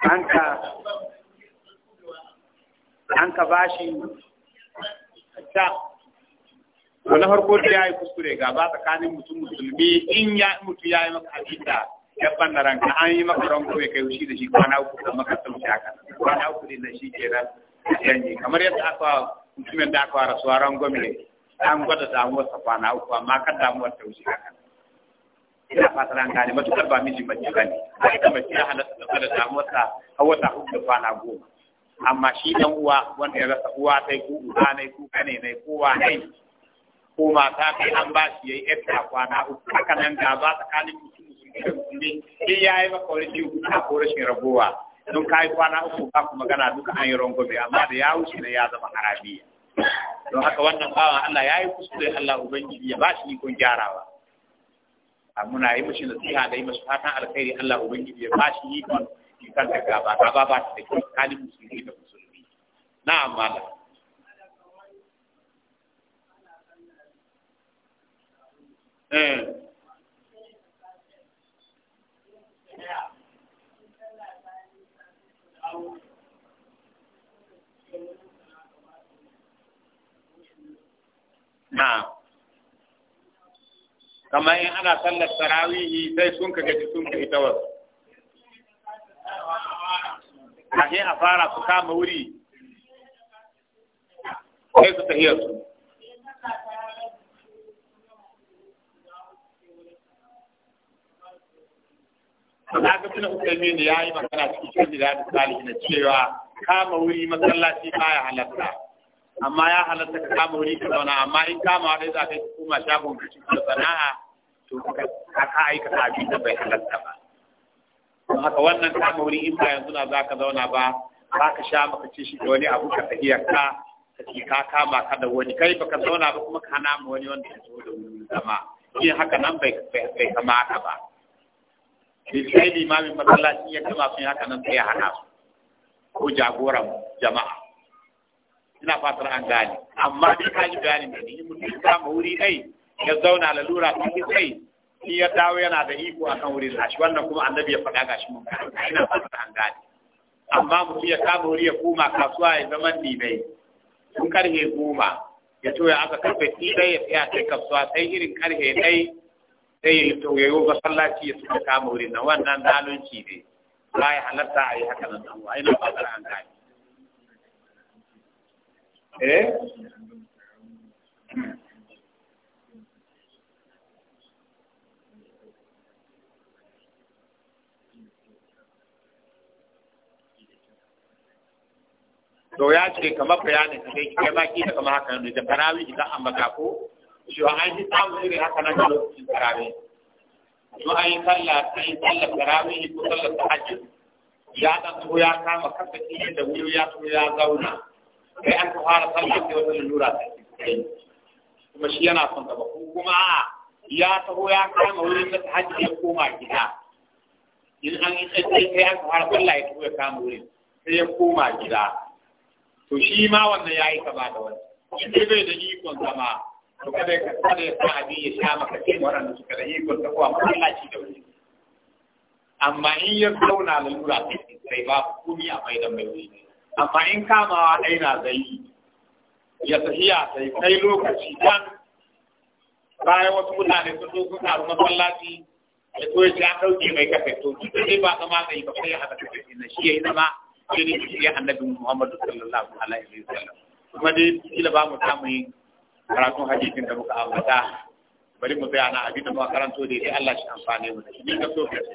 an ka ba shi ta wani harko da ya yi kuskure ga ba tsakanin mutum musulmi in ya mutu ya yi maka abinda ya banna ranka an yi maka ranko ya kai wushi da shi kwana uku da maka sun shaka kwana uku ne na shi ke nan yanyi kamar yadda aka mutumin da aka rasuwa rango mai an gwada damuwar sa kwana uku amma kan damuwar ta wuce haka ina fatar an gane matukar ba miji mace ba ne a ita mace ya halatta da gwada damuwar sa har wata uku da kwana goma amma shi dan uwa wanda ya rasa uwa tai ko uba ne ko kane ne ko wa ne ko mata kai an ba shi yayi efta kwana uku haka nan ga gaba tsakanin mutum ne in ya yi maka wani jiwu ta ko rashin ragowa don kai kwana uku ba kuma gana duka an yi rongobe amma da ya wuce ne ya zama harabiya don haka wannan bawan Allah ya yi kuskure Allah Ubangiji ya ba shi ikon gyarawa a muna yi mashi nasiha da yi mashi fatan alkhairi Allah Ubangiji ya ba shi ikon ikon da gaba ta ba ba ta da kyau kalin musulmi da musulmi na amala da eh. Thank you. na kamar in ana sallar tarawihi sai sun ka gaji sun ka ita wasu kafin a fara su kama wuri sai su tahiyar su na ga bin usulmi ne ya yi magana cikin da da salihi na cewa kama wuri masallaci baya halatta amma ya halatta ka kama wani ka zauna amma in kama wani za ka yi kuma shagon ka cikin sana'a to ka ka aikata abin da bai halatta ba don haka wannan kama wani in ba yanzu na za ka zauna ba ba ka sha maka ce shi da wani abu ka tahiyar ka ka ce ka kama ka da wani kai baka zauna ba kuma ka hana ma wani wanda ya zo da wani zama yin haka nan bai kamata ba. Sai limamin masallaci ya kama sun haka nan sai ya hana su ko jagoran jama'a. ina fatar an gane amma dai ka ji bayanin ne ni mun ya kama wuri dai ya zauna lalura cikin kai ni ya dawo yana da iko akan wurin nashi wannan kuma annabi ya faɗa gashi mun ka ina fatar an gane amma mutum ya kama wuri ya koma kasuwa ya zama bai sun karhe goma ya to ya aka karfe ɗai ya tsaya ta kasuwa sai irin karhe ɗai sai ya to ya yi masallaci ya suka kama wurin nan wannan zalunci ne ba ya halatta a yi haka nan a ina fatar an gane eh to ya ce kamar bayanin da kai kai baki da kamar haka ne da farawi idan an baka ko shi an ji samun irin haka nan da lokacin farawi to an yi sallah an yi sallah ko sallah tahajjud ya dan ko ya kama kasa kike da wuyo ya so ya zauna kai an ka fara sallah sai wata lura ta kai kuma shi yana son ta ba ko kuma ya taho ya kama wurin da hajji ya koma gida in an yi tsaye kai an ka fara sallah ya taho ya kama wurin sai ya koma gida to shi ma wannan ya yi kama da wani in dai bai da ikon zama to kada ka tsare ya sa abin ya sha maka kai waɗanda suka da ikon ta kowa masallaci da wuri amma in ya zauna lalura sai ku komi a faidan mai wuri ne amma in kamawa ɗai na zai ya tafiya sai kai lokaci kan bayan wasu mutane sun zo sun taru masallaci da to ya an ɗauke mai kafe to dai ba zama zai ba sai ya haɗa kafe na shi ya yi zama ne shi ya annabi Muhammadu sallallahu alaihi wa sallam kuma dai kila ba mu samu yin karatun hadisin da muka ambata bari mu tsaya na abin da muka karanto da ya Allah shi amfane mu da shi ne ka so ka ce.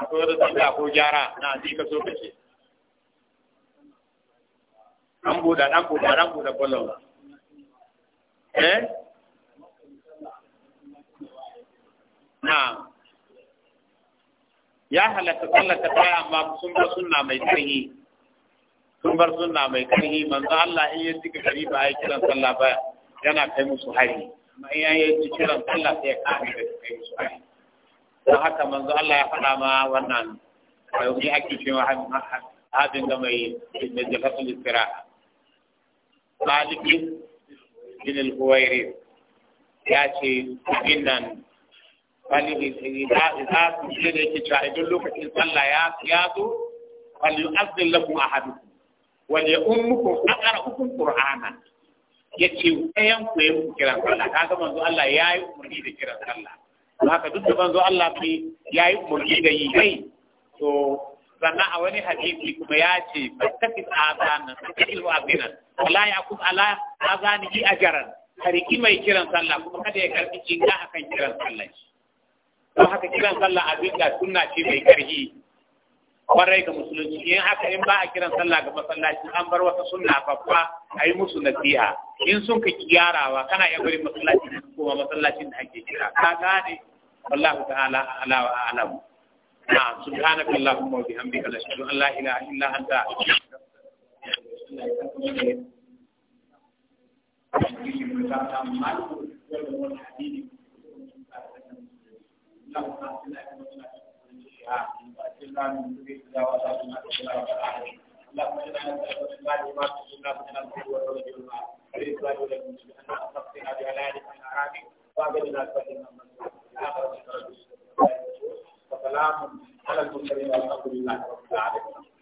akwai wata tambaya ko gyara na ji ka so kake an buɗa an buɗa an buɗa kwallon eh na ya halatta tsallaka baya amma sun bar suna mai karhi sun bar suna mai karhi manzo Allah in ya cika gari ba a yi kiran sallah ba yana kai musu hari amma in ya yi kiran sallah sai ya kare da kai musu hari don haka manzo Allah ya faɗa ma wannan ayoyi ake cewa abin mai istira bin al-huwairi ya ce nan da yake cewa idan lokacin sallah ya ya zo lakum ahadukum wal qur'ana ku yi kiran sallah kaga manzo Allah ya yi umarni da kiran sallah haka duk da zo Allah fi yayi umurni da yi kai to sannan a wani hadisi kuma ya ce fattafi azana fattafi azina wala yakub ala azani ajaran kariki mai kiran sallah kuma kada ya karbi cinga akan kiran sallah don haka kiran sallah a da sunna ce mai karhi kwarai ga musulunci in haka in ba a kiran sallah ga masallaci an bar wata sunna babba a yi musu nasiha in sun ka kiyarawa kana iya bari masallaci kuma masallacin da ake kira ka gane wallahu ta'ala ala wa alam na subhanaka allahumma wa bihamdika ashhadu an la ilaha illa anta Yeah. اجعلنا من ذرية ولا تجعلنا من العالمين اللهم اجعلنا نسألك من بعد ما تجعلنا من الخير والرجل المعروف والإسلام والمسلمين أن أصبحنا بألالك من أعراضك وأبدنا فإن من آخر وسلام على المرسلين والحمد لله رب العالمين